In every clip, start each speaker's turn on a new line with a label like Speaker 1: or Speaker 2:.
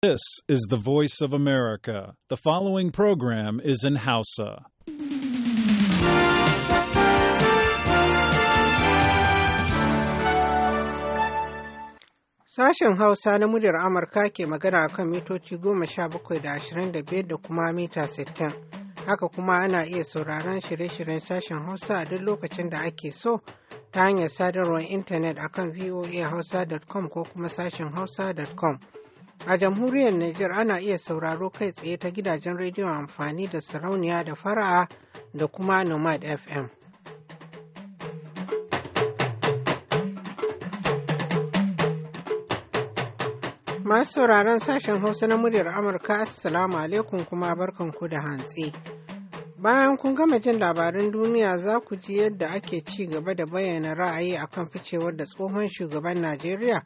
Speaker 1: This is the voice
Speaker 2: of America. The following program is in Hausa.
Speaker 3: Sashen Hausa na muryar Amurka ke magana kan mitoci goma sha bakwai da ashirin da biyar da kuma mita sittin. Haka kuma ana iya sauraron shirye-shiryen sashen Hausa a duk lokacin da ake so ta hanyar sadarwar intanet akan voahausa.com ko kuma sashen hausa.com. A jamhuriyar Nijar ana iya sauraro kai tsaye ta gidajen rediyon amfani da sarauniya da fara'a da kuma Nomad FM. Masu sauraron sashen Hausa na muryar Amurka, Assalamu alaikum kuma barkanku da hantsi. Bayan kun gama jin labarin duniya za ku ji yadda ake ci gaba da bayyana ra'ayi akan ficewar da tsohon shugaban Najeriya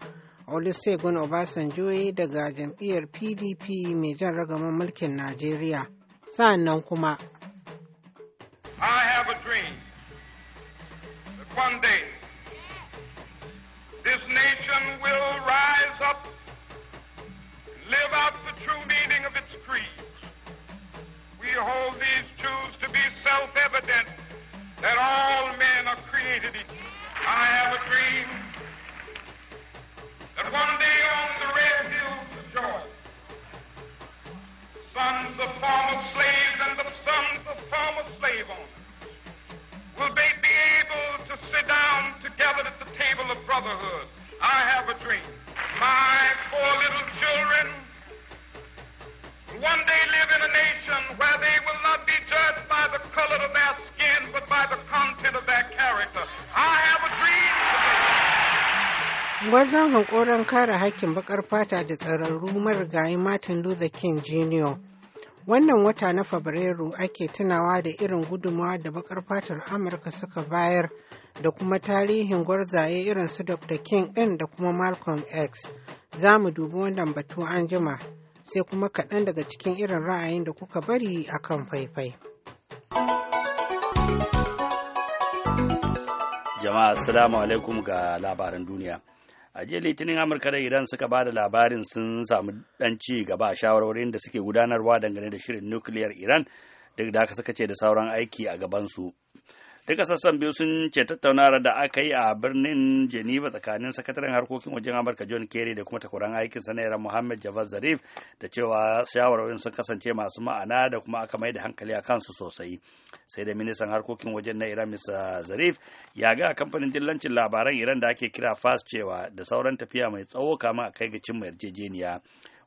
Speaker 3: olusegun obasanjo daga jam'iyyar pdp mai jan ragaman mulkin najeriya sa'annan kuma
Speaker 2: I have a dream that one day this nation will rise up, live out the true meaning of its creed. We hold these truths to be self-evident
Speaker 4: that all men
Speaker 2: are created equal. I have a dream that one day on the red hills of Georgia, sons of former slaves and the sons of former slave owners, will they be able to sit down together at the table of brotherhood? I have a dream. My four little children will one day live in a nation where they will not be judged by the color of their skin, but by the content of their character. I have
Speaker 3: Gwarzon hankoron kare hakkin bakar fata da tsararru marigayi Martin Luther King Jr. Wannan wata na Fabrairu ake tunawa da irin gudunmawa da bakar fatar Amurka suka bayar da kuma tarihin gwarzaye irin su Dr. King ɗin da kuma Malcolm X. Za mu dubi wannan batu an jima sai kuma kaɗan daga cikin irin ra'ayin da kuka bari a kan faifai.
Speaker 4: Jama'a, Assalamu alaikum ga labaran duniya. a jiya litinin amurka da iran suka ba da labarin sun samu dan ci gaba a shawarwarin da suke gudanarwa dangane da shirin nukiliyar iran duk da haka suka ce da sauran aiki a gabansu duka sassan biyu sun ce tattaunawar da aka yi a birnin geneva tsakanin sakataren harkokin wajen amurka john kerry da kuma takwaran aikin sanayyar muhammad javad zarif da cewa shawarwarin sun kasance masu ma'ana da kuma aka mai da hankali a kansu sosai sai da ministan harkokin wajen na iran mr zarif ya ga kamfanin dillancin labaran iran da ake kira fas cewa da sauran tafiya mai tsawo kama a kai ga cimma yarjejeniya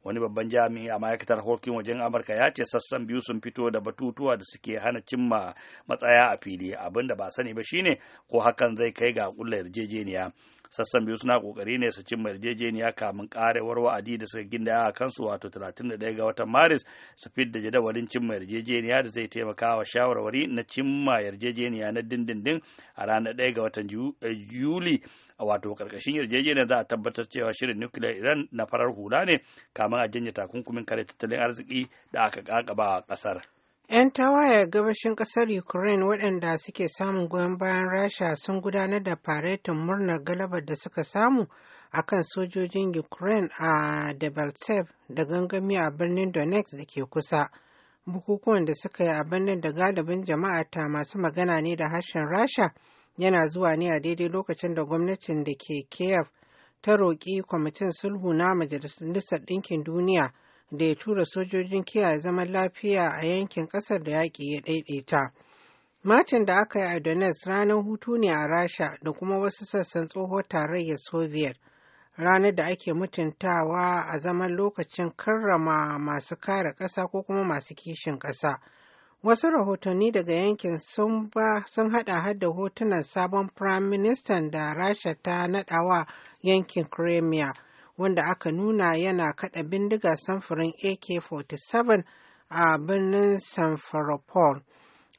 Speaker 4: wani babban jami'i a ma'aikatar hokin wajen amurka ya ce sassan biyu sun fito da batutuwa da suke hana cimma matsaya a fili abinda ba sani ba shine ko hakan zai kai ga kulla yarjejeniya sassan biyu suna kokari ne su cimma yarjejeniya kamin karewar wa'adi da suka ginda a kansu wato 31 ga watan maris su fidda jadawalin cimma yarjejeniya da zai taimaka wa shawarwari na cimma yarjejeniya na dindindin a ranar 1 ga watan eh, yuli a wato karkashin yarjejeniya za a tabbatar cewa shirin nukiliya iran na farar hula ne kamin a janye takunkumin kare tattalin arziki da aka kakaba a kasar.
Speaker 3: 'Yan tawaye gabashin ƙasar Ukraine waɗanda suke samun goyon bayan Rasha sun gudanar da faretin murnar galabar da suka samu a kan sojojin Ukraine a Debaltsev da gangami a birnin Donetsk da ke kusa. Bukukuwan da suka yi a birnin da galibin jama'a ta masu magana ne da harshen Rasha yana zuwa ne a daidai lokacin da gwamnatin da ke Kiev ta roƙi kwamitin sulhu na Majalisar Ɗinkin Duniya. da ya tura sojojin kiyaye zaman lafiya a yankin kasar da yaƙi ya daidaita. Martin da aka yi a Donetsk ranar hutu ne a Rasha da kuma wasu sassan tsohon tarayyar Soviet ranar da ake mutuntawa a zaman lokacin karrama masu kare ƙasa ko kuma masu kishin ƙasa. Wasu rahotanni daga yankin sun haɗa hada hotunan sabon Prime Minister da Rasha ta naɗawa yankin Crimea wanda aka nuna yana kada bindiga samfurin AK-47 a birnin sanfropol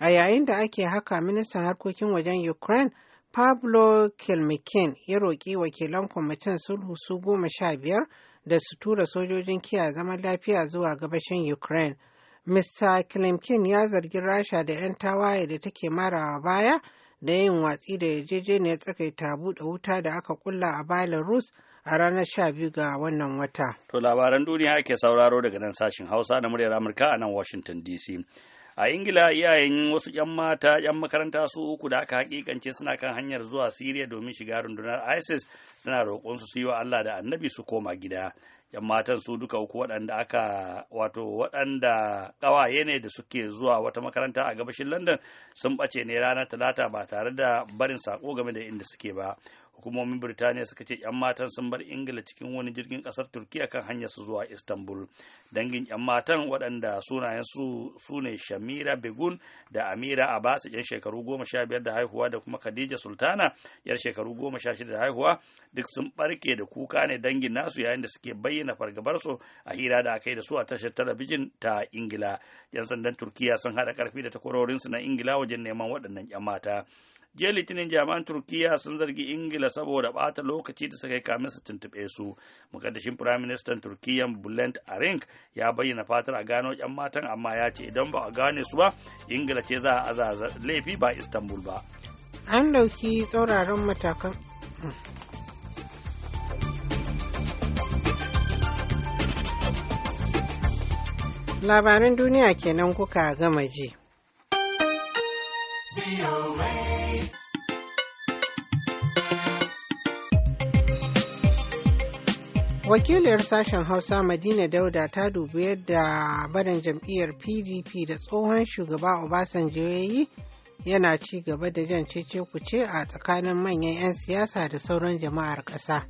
Speaker 3: A yayin da ake haka ministan harkokin wajen Ukraine Pablo Kilmikin ya roƙi wakilan kwamitin sulhu su goma sha biyar da su tura sojojin kiya zaman lafiya zuwa gabashin Ukraine. Mr. kilmikin ya zargi Rasha da 'yan tawaye da take marawa baya da yin watsi da yarjejeniyar tsakaita buɗe wuta da aka kulla a Belarus a ranar sha biyu ga wannan wata.
Speaker 4: To labaran duniya ake sauraro daga nan sashen Hausa na muryar Amurka a nan Washington DC. A Ingila iyayen wasu 'yan mata 'yan makaranta su uku da aka hakikance suna kan hanyar zuwa Siriya domin shiga rundunar ISIS suna roƙon su yi wa Allah da annabi su koma gida. 'Yan matan su duka uku waɗanda aka wato waɗanda ƙawaye ne da suke zuwa wata makaranta a gabashin London sun ɓace ne ranar Talata ba tare da barin sako game da inda suke ba. hukumomin birtaniya suka ce 'yan matan sun bar ingila cikin wani jirgin kasar turkiya kan hanyar su zuwa istanbul dangin 'yan matan waɗanda sunayen su ne shamira begun da amira abasi 'yan shekaru goma sha biyar da haihuwa da kuma khadija sultana 'yar shekaru goma sha shida da haihuwa duk sun barke da kuka ne dangin nasu yayin da suke bayyana fargabar su a hira da aka yi da su a tashar talabijin ta ingila 'yan sandan turkiya sun haɗa karfi da takwarorinsu na ingila wajen neman waɗannan 'yan mata jiya litinin jami'an turkiya sun zargi ingila saboda bata lokaci da suka yi kamin su tuntuɓe su mukaddashin prime minister turkiya bulent arink ya bayyana fatar a gano yan matan amma ya ce idan ba a gane su ba ingila ce za a aza laifi ba istanbul ba
Speaker 3: an dauki tsauraran matakan labaran duniya kenan kuka gama ji. wakiliyar sashen hausa madina dauda ta dubi yadda barin jam'iyyar pdp da tsohon shugaba obasanjo ya yi yana ci gaba da jan cece kuce a tsakanin manyan 'yan siyasa da sauran jama'ar ƙasa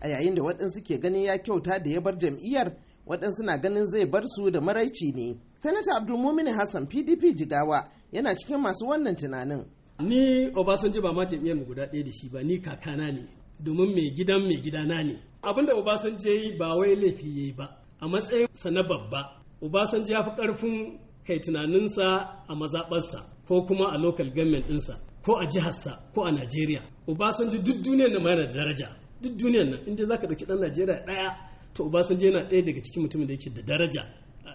Speaker 5: a yayin da waɗansu ke ganin ya kyauta da ya bar jam'iyyar waɗansu na ganin zai bar su da maraici ne sanata abdulmumin hassan pdp jigawa yana cikin masu wannan tunanin
Speaker 1: ni obasanjo ba ma jam'iyyar mu guda ɗaya da shi ba ni kakana ne domin mai gidan mai gidana ne abinda obasanjo ya yi ba wai laifi ya ba a matsayin sa na babba obasanjo ya fi karfin kai tunaninsa a mazaɓarsa ko kuma a local government ɗinsa ko a jiharsa ko a najeriya obasanjo duk duniyar nan yana da daraja duk duniyar nan inda za ka ɗauki ɗan najeriya ɗaya to obasanjo yana ɗaya daga cikin mutumin da yake da daraja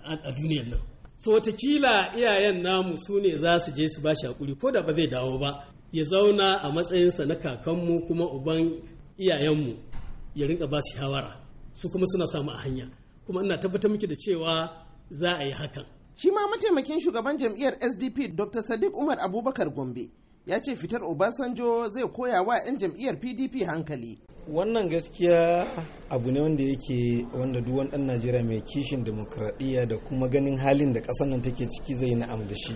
Speaker 1: a duniyar nan so watakila iyayen namu su ne za su je su bashi hakuri ko da ba zai dawo ba ya zauna a matsayinsa na kakanmu kuma uban iyayenmu ya rinka ba su shawara su kuma suna samu a hanya kuma ina tabbatar miki da cewa za a yi hakan
Speaker 5: shi ma mataimakin shugaban jam'iyyar sdp dr sadiq umar abubakar gombe ya ce fitar obasanjo zai koya wa 'yan jam'iyyar pdp hankali
Speaker 1: wannan gaskiya abu ne wanda yake wanda duwan wani dan najeriya mai kishin demokradiyya da kuma ganin halin da ƙasar nan take ciki zai na'am da shi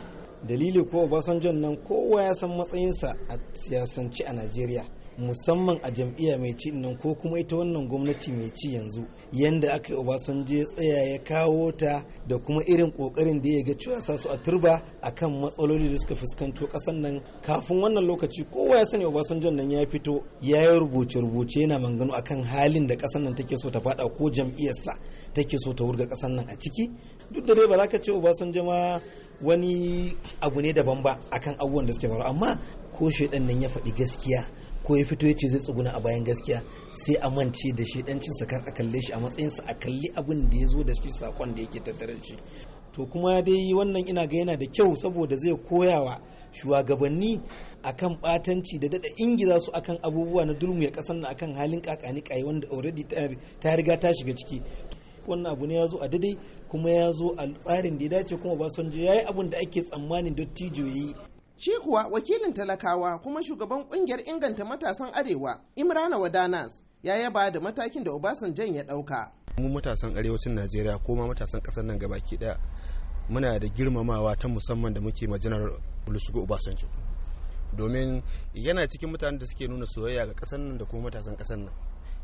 Speaker 1: dalili ko obasanjon nan kowa ya san matsayinsa a siyasance a najeriya musamman a jam'iyya mai ci nan ko kuma ita wannan gwamnati mai ci yanzu yadda aka yi obasanjo ya tsaya ya kawo ta da kuma irin kokarin da ya ga cewa sa su a turba akan matsaloli da suka fuskanto kasan nan kafin wannan lokaci kowa ya sani obasanjo nan ya fito ya yi rubuce rubuce yana mangano akan halin da kasan nan take so ta fada ko jam'iyyarsa take so ta wurga kasan nan a ciki duk da dai ba za ka ce obasanjo ma wani abu ne daban ba akan abubuwan da suke faru amma ko shaidan nan ya faɗi gaskiya ko ya fito ya ce zai tsuguna a bayan gaskiya sai a mance da shaidancinsa kar a kalle shi a sa a kalli abin da ya zo da shi sakon da yake tattare shi to kuma dai wannan ina ga yana da kyau saboda zai koyawa shugabanni akan batanci da dada ingiza su akan abubuwa na durmu ya kasan akan halin kakani kai wanda already ta riga ta shiga ciki wannan abu ne ya zo a daidai
Speaker 5: kuma ya zo a tsarin da ya dace kuma Obasanjo ya yi abin da ake tsammanin dattijoyi. ya Shi kuwa wakilin talakawa kuma shugaban kungiyar inganta matasan arewa Imrana Wadanas ya yaba da matakin da Obasanjan ya dauka. Mu matasan arewacin Najeriya ko ma matasan kasar nan gabaki daya muna da girmamawa ta musamman da muke ma janar Olusegun Obasanjo. Domin yana cikin mutanen da suke nuna soyayya ga kasar nan da kuma matasan kasar nan.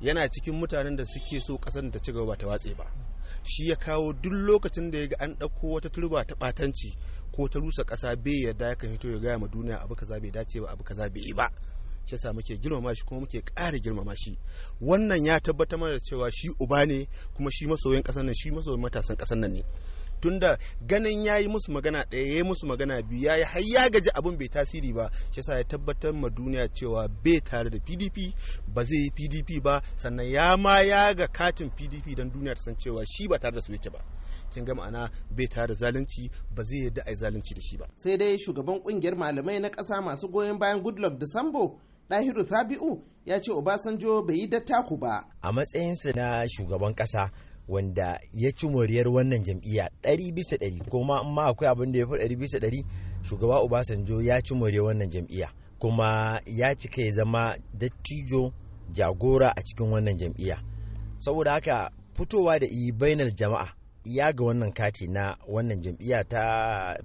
Speaker 5: yana cikin mutanen da suke so kasar ta ci gaba ta watse ba shi ya kawo duk lokacin da ya ga an ɗauko wata turba ta ɓatanci ko ta rusa ƙasa bai yarda ya kan hito ya gaya ma duniya abu kaza bai dace ba abu kaza bai yi ba shi yasa muke girmama shi kuma muke ƙara girmama shi wannan ya tabbatar mana da cewa shi uba ne kuma shi masoyin ƙasar nan shi masoyin matasan ƙasar nan ne tunda ganin ya yi musu magana ɗaya ya yi musu magana biyu ya yi har ya gaji abin bai tasiri ba shi ya tabbatar ma duniya cewa bai tare da pdp ba zai yi pdp ba sannan ya ma ya ga katin pdp don duniya ta san cewa shi ba tare da su yake ba kin ga ma'ana bai tare da zalunci ba zai yarda a yi zalunci da shi ba sai dai shugaban kungiyar malamai na ƙasa masu goyon bayan goodluck da sambo ɗahiru sabi'u ya ce obasanjo bai yi dattaku ba a matsayinsa na shugaban ƙasa wanda ya ci moriyar wannan jam'iyya ɗari bisa ɗari kuma ma amma akwai abin da ya fi ɗari bisa ɗari shugaba obasanjo ya ci moriyar wannan jam'iyya kuma ya cika ya zama dattijo jagora a cikin wannan jam'iyya saboda haka fitowa da yi bainar jama'a ya ga wannan kati na wannan jam'iyya ta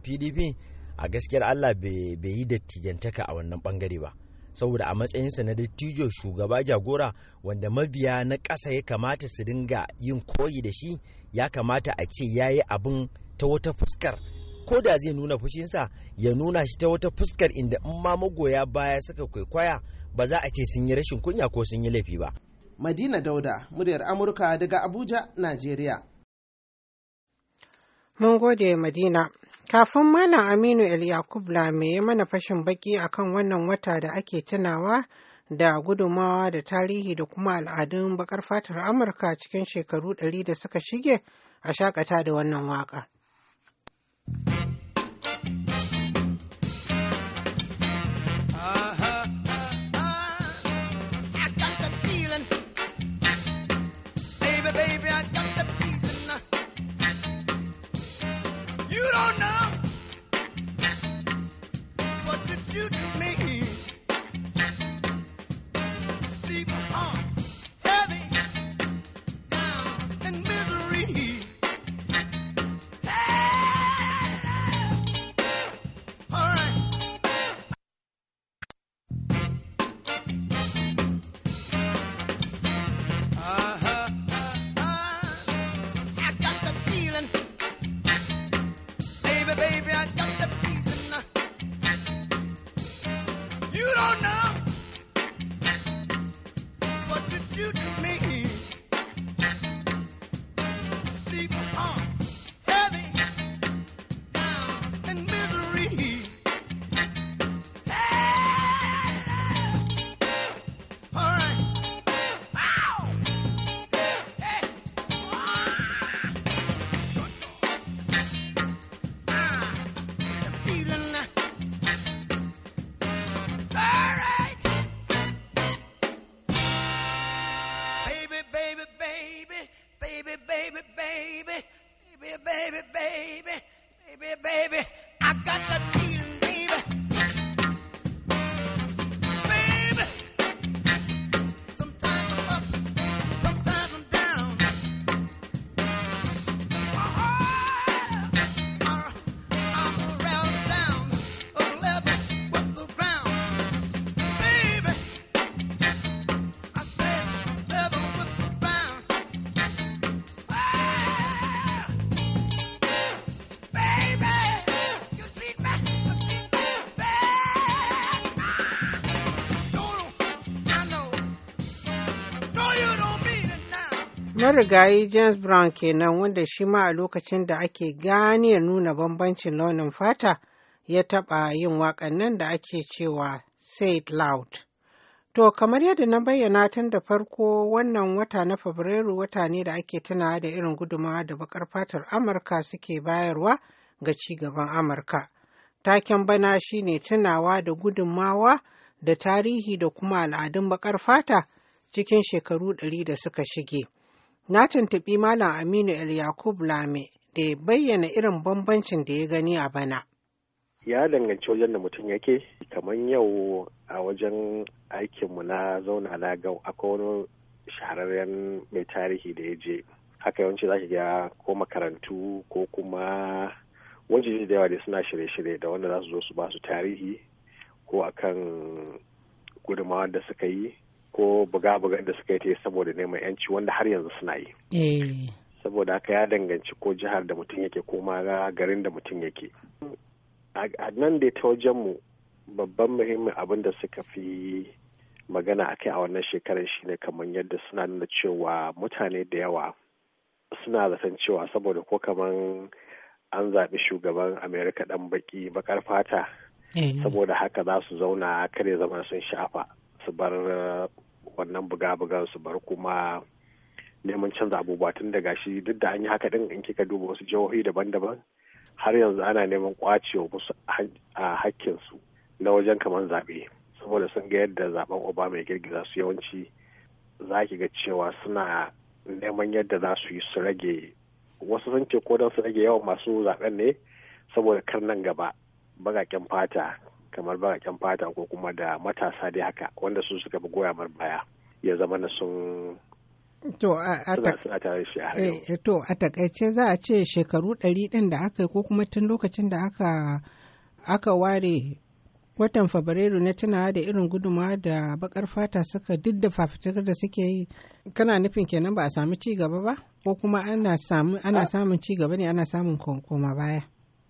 Speaker 5: pdp a gaskiyar allah bai yi dattijantaka a wannan bangare ba saboda a matsayinsa na dattijo shugaba jagora wanda mabiya na ƙasa ya kamata su dinga yin koyi da shi ya kamata a ce ya yi abin ta wata fuskar ko da zai nuna fushinsa ya nuna shi ta wata fuskar inda in ma magoya baya suka kwaikwaya ba za a ce sun yi rashin kunya ko sun yi laifi ba. Madina Dauda, muryar Amurka daga Abuja, Najeriya.
Speaker 3: Mun gode Madina. Kafin Malam Aminu El Yakub Lame ya mana fashin baki kan wannan wata da ake tunawa da gudumawa da tarihi da kuma al'adun bakar fatar Amurka cikin shekaru ɗari da suka shige a shakata da wannan waka.
Speaker 5: Baby, baby, I
Speaker 3: marigayi james brown kenan wanda shi ma a lokacin da ake ya nuna bambancin launin fata ya taɓa yin waƙan da ake cewa say it loud to kamar yadda na bayyana tun da farko wannan wata na fabrairu wata ne da ake tuna da irin gudummawa da bakar fatar amurka suke bayarwa ga ci gaban amurka taken bana shine tunawa da gudummawa da tarihi da kuma al'adun bakar fata cikin shekaru ɗari da suka shige Na tuntuɓi Malam Aminu El Yakub Lame da ya bayyana irin bambancin da ya gani a bana.
Speaker 6: Ya danganci wajen da mutum yake, kamar yau a wajen aikinmu na zauna na ga akwai wani shahararren mai tarihi da ya je. Haka yawanci za ga ko makarantu ko kuma wajen da yawa da suna shirye-shirye da wanda za su zo su ba su tarihi ko akan gudunmawar da suka yi ko buga buga da suka yi saboda neman yanci wanda har yanzu suna yi eh. saboda haka ya danganci ko jihar da mutum yake ko ma garin da mutum yake a nan da ta wajen mu babban muhimmin abin da suka fi magana a kai a wannan shekarar shine kamar yadda suna nuna cewa mutane da yawa suna zaton cewa saboda ko kamar an zaɓi shugaban amerika ɗan baki bakar fata eh. saboda haka za su zauna kare zama sun shafa su bar wannan buga-bugan su bar kuma neman canza abubuwa tun daga shi duk da an yi haka din in kika duba wasu jihohi daban-daban har yanzu ana neman kwacewa musu a hakkin su na wajen kamar zaɓe saboda sun ga yadda zaben obama ya girgiza su yawanci za ki ga cewa suna neman yadda za su yi su rage wasu sun ce ko don su rage yawan masu zaben ne saboda kar nan gaba bagaken fata kamar baƙaƙen fata ko kuma da matasa dai haka wanda su suka fi goya mar baya ya zama na sun
Speaker 3: To a takaice za a ce shekaru ɗari ɗin da aka yi ko kuma tun lokacin da aka aka ware watan Fabrairu na tunawa da irin guduma da bakar fata suka duk da da suke yi kana nufin kenan ba a sami ci gaba ba ko kuma ana samun ci gaba ne ana samun koma baya.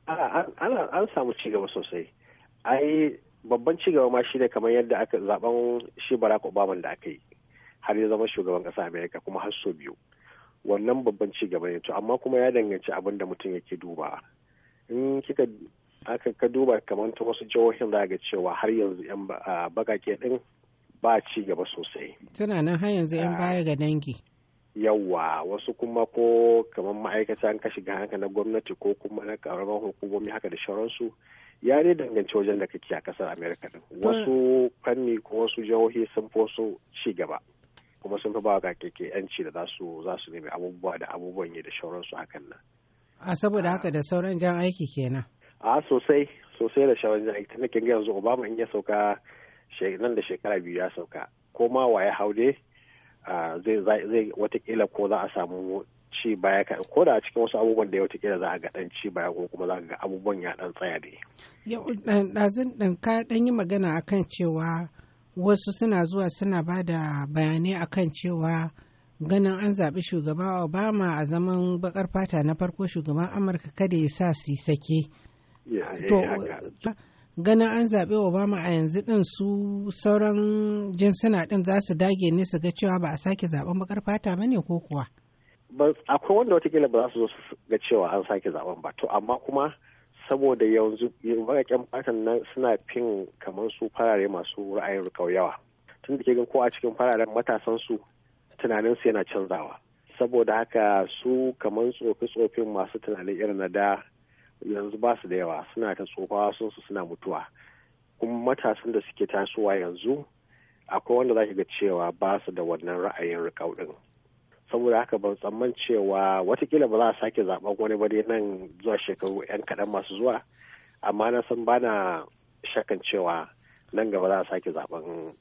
Speaker 6: An samu ci gaba sosai. ai babban cigaba ma shi shine kamar yadda aka zaben shi barack obama da aka yi har ya zama shugaban ƙasa america kuma har so biyu wannan babban cigaba ne to amma kuma ya danganci abin da mutum yake duba in kika aka ka duba kamar ta wasu jihohin za ga cewa har yanzu yan bakake din ba ci gaba sosai
Speaker 3: tana nan har yanzu yan ah. baya ga dangi
Speaker 6: yawa wasu kuma ko kamar ma'aikata an ka shiga haka na gwamnati ko kuma na karamar hukumomi haka da shauransu ya dai danganci wajen da kake a kasar america din wasu fanni ko wasu jihohi sun fi wasu ci gaba kuma sun fi ba ga keke yanci da za su nemi abubuwa da abubuwan yi da shauransu hakan nan
Speaker 3: a saboda haka da sauran jan aiki kenan
Speaker 6: a sosai sosai da sauran jan aiki tunda kin yanzu obama in ya sauka nan da shekara biyu ya sauka ko ma waye haude zai watakila ko za a samu ci baya ka ko da cikin wasu abubuwan da yau da za a ga dan ci baya ko kuma za ga abubuwan ya dan tsaya dai
Speaker 3: yau ɗazin dan ka dan yi magana akan cewa wasu suna zuwa suna ba da bayanai akan cewa ganin an zaɓi shugaba obama a zaman bakar fata na farko shugaban amurka kada ya sa su sake ganin an zaɓi obama a yanzu ɗin su sauran jinsuna ɗin za su dage ne su ga cewa ba a sake zaɓen bakar fata ba ne ko kuwa
Speaker 6: akwai wanda watakila ba za su zo su ga cewa an sake zaben ba to amma kuma saboda yanzu bakaken fatan nan suna fin kamar su farare masu ra'ayin rikau yawa tun da ke gan ko a cikin fararen matasan su tunanin su yana canzawa saboda haka su kamar tsofi-tsofin masu tunanin irin na da yanzu ba su da yawa suna ta tsofawa sun su suna mutuwa kuma matasan da suke tasowa yanzu akwai wanda za ga cewa ba su da wannan ra'ayin rikau din saboda haka ban tsamman cewa watakila ba za a sake zaben wani ba nan zuwa shekaru 'yan kaɗan masu zuwa amma na san bana shakan cewa nan gaba za a sake zaben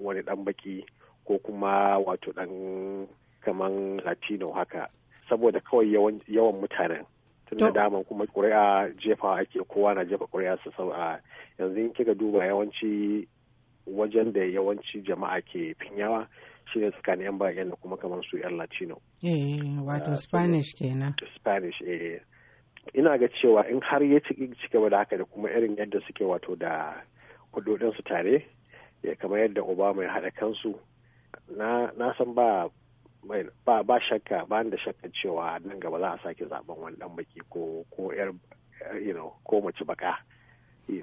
Speaker 6: wani ɗan baki ko kuma wato ɗan kaman latino haka saboda kawai yawan mutanen tun da dama kuma ƙuri'a jefawa ake kowa na jefa ƙuri'a su sau a yanzu in kika duba yawanci wajen da yawanci jama'a ke finyawa ce tsakanin yan bayan da kuma kamar su yan latino
Speaker 3: eh wato ah, spanish kenan
Speaker 6: spanish eh ina ga cewa in har ya ci gaba da haka da kuma irin yadda suke wato da kudodin su tare ya kamar yadda obama ya haɗa kansu na na san ba ba ba shakka ba da shakka cewa nan gaba za a sake zaben wani dan baki ko ko yar eh, you know ko mace baka eh,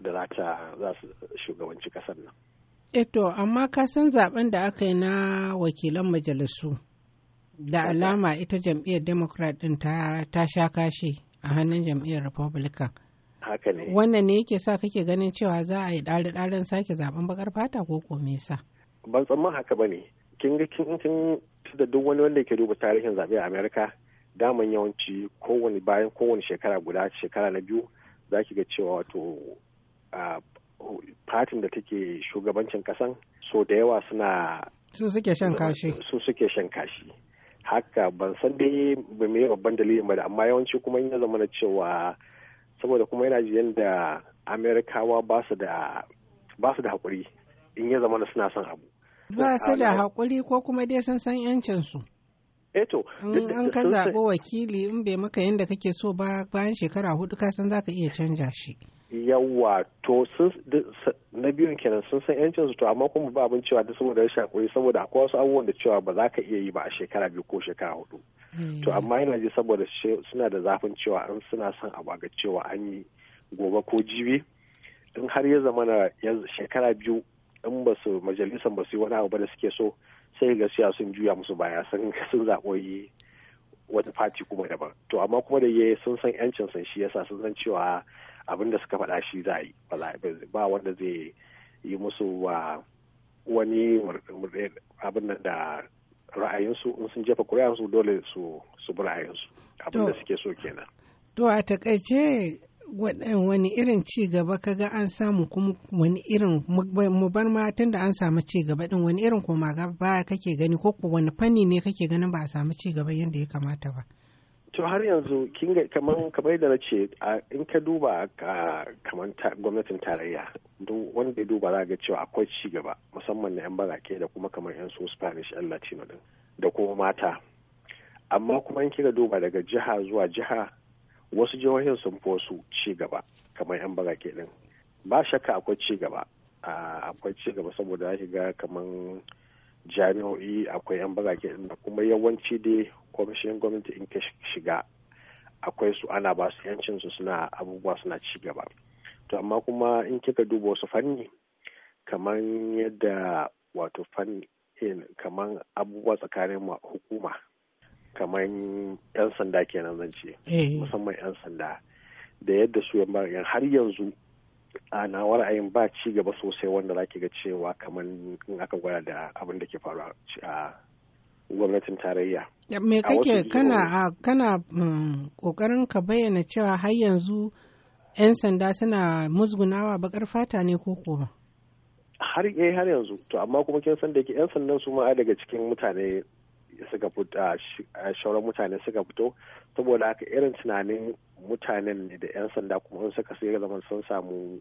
Speaker 6: da za ta za su shugabanci kasar nan
Speaker 3: Eto, eh, amma ka san zaben da aka yi na wakilan majalisu da alama ita jam'iyyar Democrat ɗin ta, sha kashi a hannun jam'iyyar Republican. Haka ne. Wannan ne yake sa kake ganin cewa za a yi ɗari-ɗarin sake zaben bakar fata ko kome sa?
Speaker 6: Ban tsamman haka ba ne. Kin ga kin da duk wani wanda ke duba tarihin zaɓe a Amerika daman yawanci kowane bayan kowane shekara guda shekara na biyu za ki ga cewa wato ah, fatin da take shugabancin kasan so da yawa suna
Speaker 3: su suke shan kashi
Speaker 6: su suke shan kashi haka ban san dai ba mai babban dalilin ba da amma yawanci kuma ya zama na cewa saboda kuma yana jiyan da amerikawa ba su da haƙuri in ya zama suna son abu
Speaker 3: ba su da haƙuri ko kuma dai sun san yancinsu
Speaker 6: eto eh an ka zaɓi
Speaker 3: wakili in bai maka yadda kake so ba bayan shekara hudu ka san za ka iya canja shi
Speaker 6: yawa to sun na biyun kenan sun san yancin su to amma kuma ba abin cewa da saboda rashin hakuri saboda akwai wasu abubuwan da cewa ba za ka iya yi ba a shekara biyu ko shekara hudu hmm. to amma yana ji saboda suna da zafin cewa in suna son abu ga cewa an yi gobe ko jibi in har ya zama na shekara biyu in ba su majalisan ba su yi wani abu ba da suke so sai ga siya sun juya musu baya sun zaɓoyi wani fati kuma daban to amma kuma da yayi sun san yancin sun shi yasa sun san cewa abin da suka faɗa shi za yi ba wanda zai yi musu wa wani abin da ra'ayinsu in sun jefa ƙuri'ansu dole su su bi ra'ayinsu abin da suke so kenan
Speaker 3: to a takaice wani irin ci gaba kaga an samu kuma wani irin mu bar ma tun da an samu ci gaba din wani irin koma baya kake gani ko wani fanni ne kake ganin ba a samu ci gaba yadda ya kamata ba
Speaker 6: to har yanzu kin kamar kamar da na ce in ka duba kamar gwamnatin tarayya wanda ya duba za ga cewa akwai ci gaba musamman na yan barake da kuma kamar yan su spanish yan latino din da kuma mata amma kuma in kira duba daga jiha zuwa jiha wasu jihohin sun fi wasu cigaba gaba kamar yan barake din ba shakka akwai cigaba akwai ci saboda za ga kamar jami'o'i akwai 'yan bagake da kuma yawanci dai kwamishin gwamnati in ka shiga akwai su ana ba su yancin su suna abubuwa suna ci gaba to amma kuma in kika duba wasu fanni kamar yadda wato fanni eh, kamar abubuwa tsakanin hukuma kamar 'yan sanda kenan zan eh. musamman 'yan sanda da yadda su har yanzu a nawa ra'ayin ba ci gaba sosai wanda zaki ga cewa kamar in aka gwada da abin da ke faru a gwamnatin tarayya me kake kana
Speaker 3: kana mm, kokarin ka bayyana cewa har yanzu 'yan sanda suna musgunawa bakar fata ne ko ba.
Speaker 6: har eh har yanzu to amma kuma kin san da yake yan sandan su ma daga cikin mutane suka fito shauran mutane suka fito saboda haka irin tunanin mutanen da yan sanda kuma suka sai zaman sun samu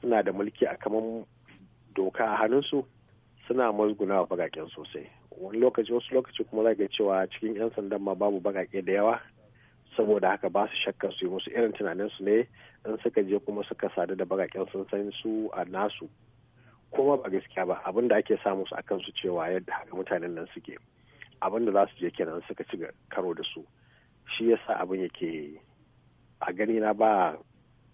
Speaker 6: suna da mulki a kaman doka a hannunsu suna wa bagaken sosai wani lokaci wasu lokaci kuma za ga cewa cikin 'yan sandan ma babu bagaƙe da yawa saboda haka ba su shakkar su yi musu irin tunanin su ne in suka je kuma suka sadu da bagaƙen sun san su a nasu kuma ba gaskiya ba abin da ake samu su akan su cewa yadda haka mutanen nan suke abin da za su je kenan suka ci karo da su shi yasa abin yake a gani na ba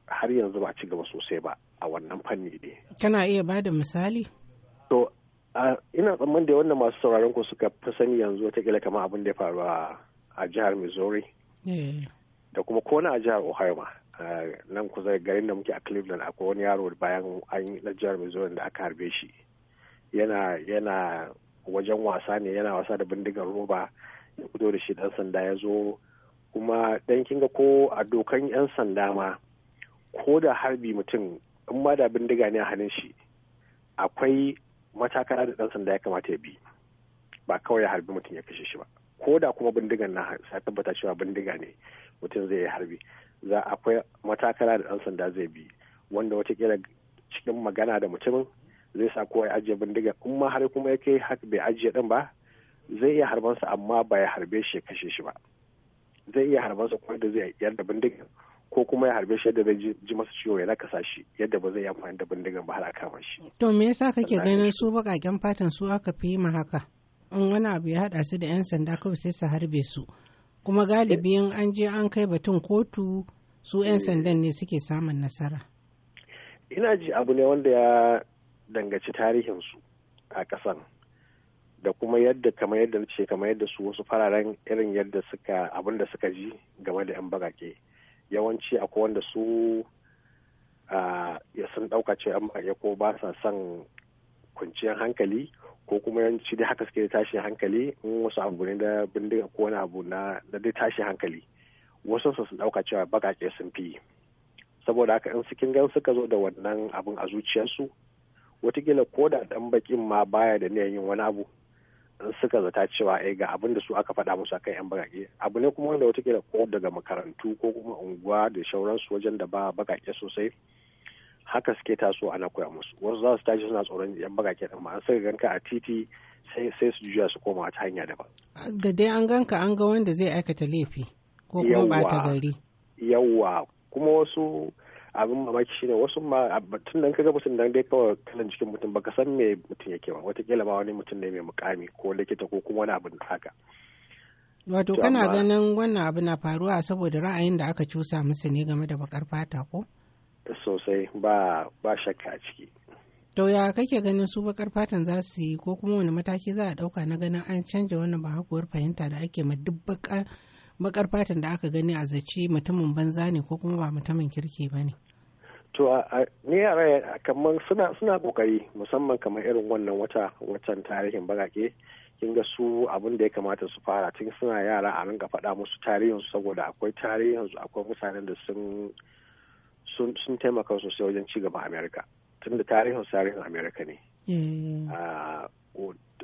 Speaker 6: har yanzu ba ci gaba sosai ba a wannan fanni ne.
Speaker 3: Kana iya ba da misali?
Speaker 6: To, ina tsammanin da wannan masu sauraron ku suka fi sani yanzu wata kila kamar abin da ya faru a jihar Missouri. Eh. Da kuma kona a jihar Ohio ma. Nan kusa garin da muke a Cleveland akwai wani yaro bayan an na jihar Missouri da aka harbe shi. Yana yana wajen wasa ne yana wasa da bindigar roba ya fito da shi dan sanda ya zo kuma dan kinga ko a dokan yan sanda ma ko da harbi mutum in ma da bindiga ne a hannun shi akwai matakara da ɗan sanda ya kamata ya bi ba kawai ya harbi mutum ya kashe shi ba ko da kuma bindigan na sa tabbata cewa bindiga ne mutum zai yi harbi za akwai matakara da ɗan sanda zai bi wanda watakila cikin magana da mutumin zai sa kowa ya ajiye bindiga in ma har kuma ya kai haka bai ajiye din ba zai iya harbansa amma ba ya harbe shi ya kashe shi ba zai iya harbansa kuma da zai da bindiga ko kuma ya harbe shi yadda zai ji masa ciwo ya nakasa shi yadda ba zai yi amfani da bindigan ba har a kama shi.
Speaker 3: To me yasa kake ganin su baƙaƙen fatan su aka fi ma haka? In wani abu ya haɗa su da 'yan sanda kawai sai su harbe su. Kuma galibi in an je an kai batun kotu su 'yan sandan ne suke samun nasara.
Speaker 6: Ina ji abu ne wanda ya dangaci su a ƙasan. da kuma yadda kamar yadda ce kamar yadda su wasu fararen irin yadda suka abin da suka ji game da 'yan bagake. yawanci akwai wanda su ya sun ɗauka ce an ba ko ba sa son kwanciyar hankali ko kuma yawanci dai haka suke da tashi hankali in wasu abu ne da bindiga ko wani abu na da dai tashi hankali wasu su sun ɗauka cewa baƙaƙe sun fi saboda haka in sukin gan suka zo da wannan abun a zuciyarsu watakila ko da ɗan baƙin ma baya da niyan yin wani abu suka zata cewa ai eh, ga abin da su aka faɗa musu akan yan bakake abu ne kuma wanda wata ke da ko daga makarantu ko kuma unguwa da shauransu wajen da ba bakake sosai haka suke taso ana koya musu wasu za su tashi suna tsoron yan bakake din ma an saka ganka a titi sai sai su juya su koma ta hanya daban
Speaker 3: da dai an ganka an ga wanda zai aikata laifi
Speaker 6: ko kuma bata gari yawwa kuma wasu abin mamaki shine wasu ma batun nan kaga mutum nan dai kawai kalan jikin mutum baka san me mutum yake ba wataƙila ma wani mutum ne mai mukami ko likita ko kuma wani abin haka
Speaker 3: wato kana ganin wannan abu na faruwa saboda ra'ayin da aka cusa musu ne game da bakar fata ko
Speaker 6: sosai ba ba shakka a ciki
Speaker 3: to ya kake ganin su bakar fatan za su yi ko kuma wani mataki za a dauka na ganin an canja wannan ba hakuwar fahimta da ake ma duk bakar fatan da aka gani a zaci mutumin banza ne ko kuma ba mutumin kirki ba ne
Speaker 6: to ne yara kamar suna suna kokari musamman kamar irin wannan wata watan tarihin barake kin ga su abin da ya kamata su fara tun suna yara a rinka faɗa musu tarihinsu saboda akwai tarihinsu akwai mutanen da sun taimaka sosai wajen ci gaban amerika tun da tarihin tarihin amerika ne Eh. Ah,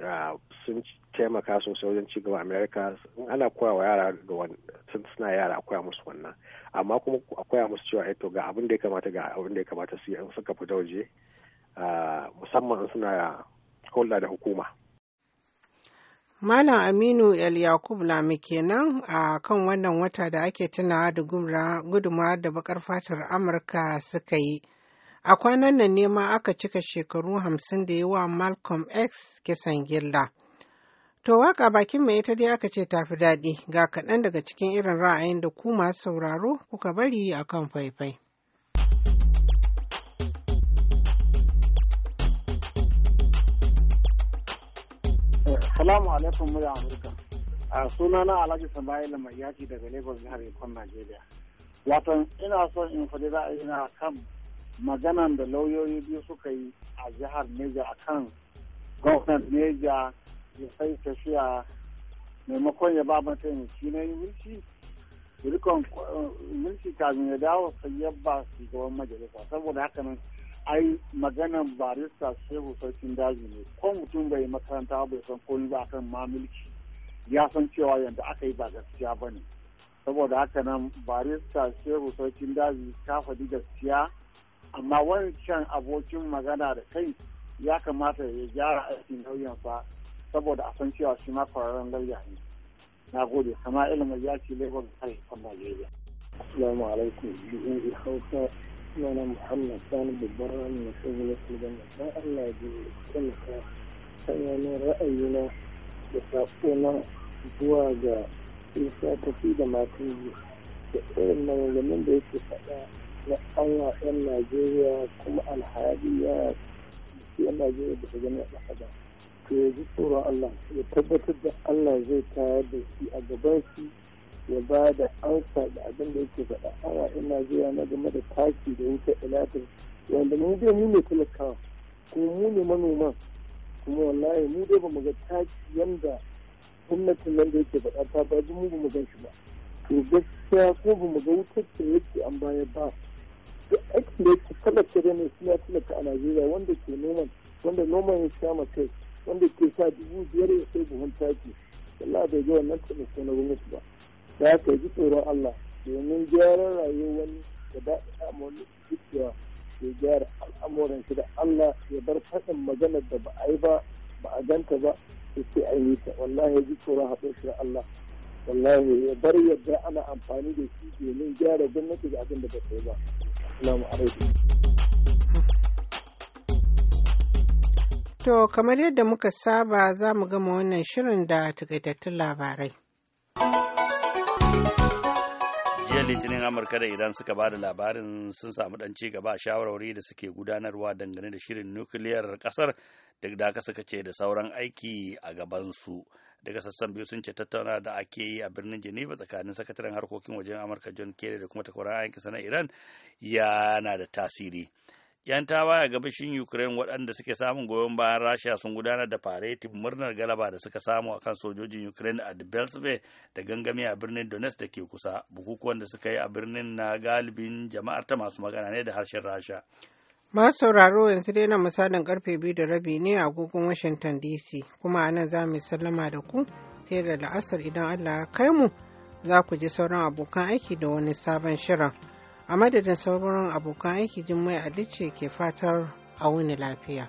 Speaker 6: ah, sun taimaka sosai wajen cigaba gaba ana koya wa yara ga suna yara a koya musu wannan amma kuma a koya musu cewa ito eh, ga abin da ya kamata ga abin da ya kamata su in suka fita waje ah, musamman in suna hulɗa da hukuma
Speaker 3: Malam Aminu El Yakub Lami kenan a kan wannan wata da ake tunawa da gudunmawar da bakar fatar Amurka suka yi. A kwanan nan ne ma aka cika shekaru hamsin da yawa wa Malcolm X kisan gilla. To waka bakin mai ita dai aka ce tafi daɗi ga kaɗan daga cikin irin ra'ayin da ku masu sauraro kuka bari a kan faifai.
Speaker 7: Salamu alaikum murya Amurka. A sunana Alhaji Sama'ila Mai Yaki daga Lagos jihar Ikon Najeriya. wato ina son in faɗi ra'ayina kan maganan da lauyoyi biyu suka yi a jihar Neja a kan gwamnan Neja ya sai tafiya maimakon ya ba mataimaki na yi mulki rikon eh, mulki kamin ya dawo sai ya ba gaban majalisa saboda haka nan ai maganan barista shehu sarkin daji ne ko mutum bai makaranta bai san komi ba kan ma mulki ya san cewa yanda aka yi ba gaskiya ba ne saboda haka nan barista shehu sarkin daji ta faɗi gaskiya amma wancan abokin magana da kai ya kamata ya gyara aikin fa saboda a san cewa shi ma kwararren lauya ne na gode kama ilimin ya ce lagos kai a najeriya assalamu alaikum bi'in hausa sunana muhammad sani babban rami na shan wani sulban na allah ya biyu taimaka sanyanin ra'ayina da na zuwa ga isa tafi da matan da irin maganganun da yake faɗa na an yan najeriya kuma alhali ya yan najeriya da ta gani a ba to ya ji tsoron allah ya tabbatar da allah zai tayar da shi a gaban shi ya ba da ansa da abin da yake faɗa an yan najeriya na game da taki da wuta ilatar wanda mu zai mu ne talakawa kuma mu ne manoma kuma wallahi mu dai ba mu ga taki yanda gwamnatin nan da yake faɗa ta ba mu ba mu gan shi ba to gaskiya ko ba mu ga wutar yake an baya ba da aiki da yake talaka da ne suna talaka a najeriya wanda ke noman wanda noman ya sha makai wanda ke sa dubu biyar ya sai buhun taki Allah bai ga wannan taimako na gwamnati ba da haka ji tsoron Allah domin gyaran rayuwar wani da ba a wani cewa ya gyara al'amuran shi da Allah ya bar faɗin maganar da ba a yi ba ba a ganta ba sai an yi ta wallahi ya ji tsoron haɗin shi da Allah wallahi ya bar yadda ana amfani da shi domin gyara gwamnati da abin ba ta ba
Speaker 3: To kamar yadda muka saba za mu gama wannan shirin da takaitattun labarai.
Speaker 4: jiya litinin amurka da iran suka ba da labarin sun samu dan ci gaba shawarwari da suke gudanarwa dangane da shirin nukiliyar kasar duk da aka suka ce da sauran aiki a gabansu. daga sassan biyu sun ce tattauna da ake yi a birnin geneva tsakanin sakataren harkokin wajen amurka john kerry da kuma takwarar aikinsa na iran yana da tasiri 'yan tawaye gabashin ukraine waɗanda suke samun goyon bayan rasha sun gudanar da faretin murnar galaba da suka samu kan sojojin ukraine a debeltsve da gangami a birnin donetsk da ke kusa bukukuwan da suka yi a birnin na galibin jama'ar ta masu magana ne da harshen rasha
Speaker 3: Masu sauraro yanzu dai na misalin karfe biyu da rabi ne a agogon Washington DC kuma anan za mu sallama da ku sai da la'asar idan Allah ya kai mu za ku ji sauran abokan aiki da wani sabon shirin. A madadin sauran abokan aiki jin mai adice ke fatar a wuni lafiya.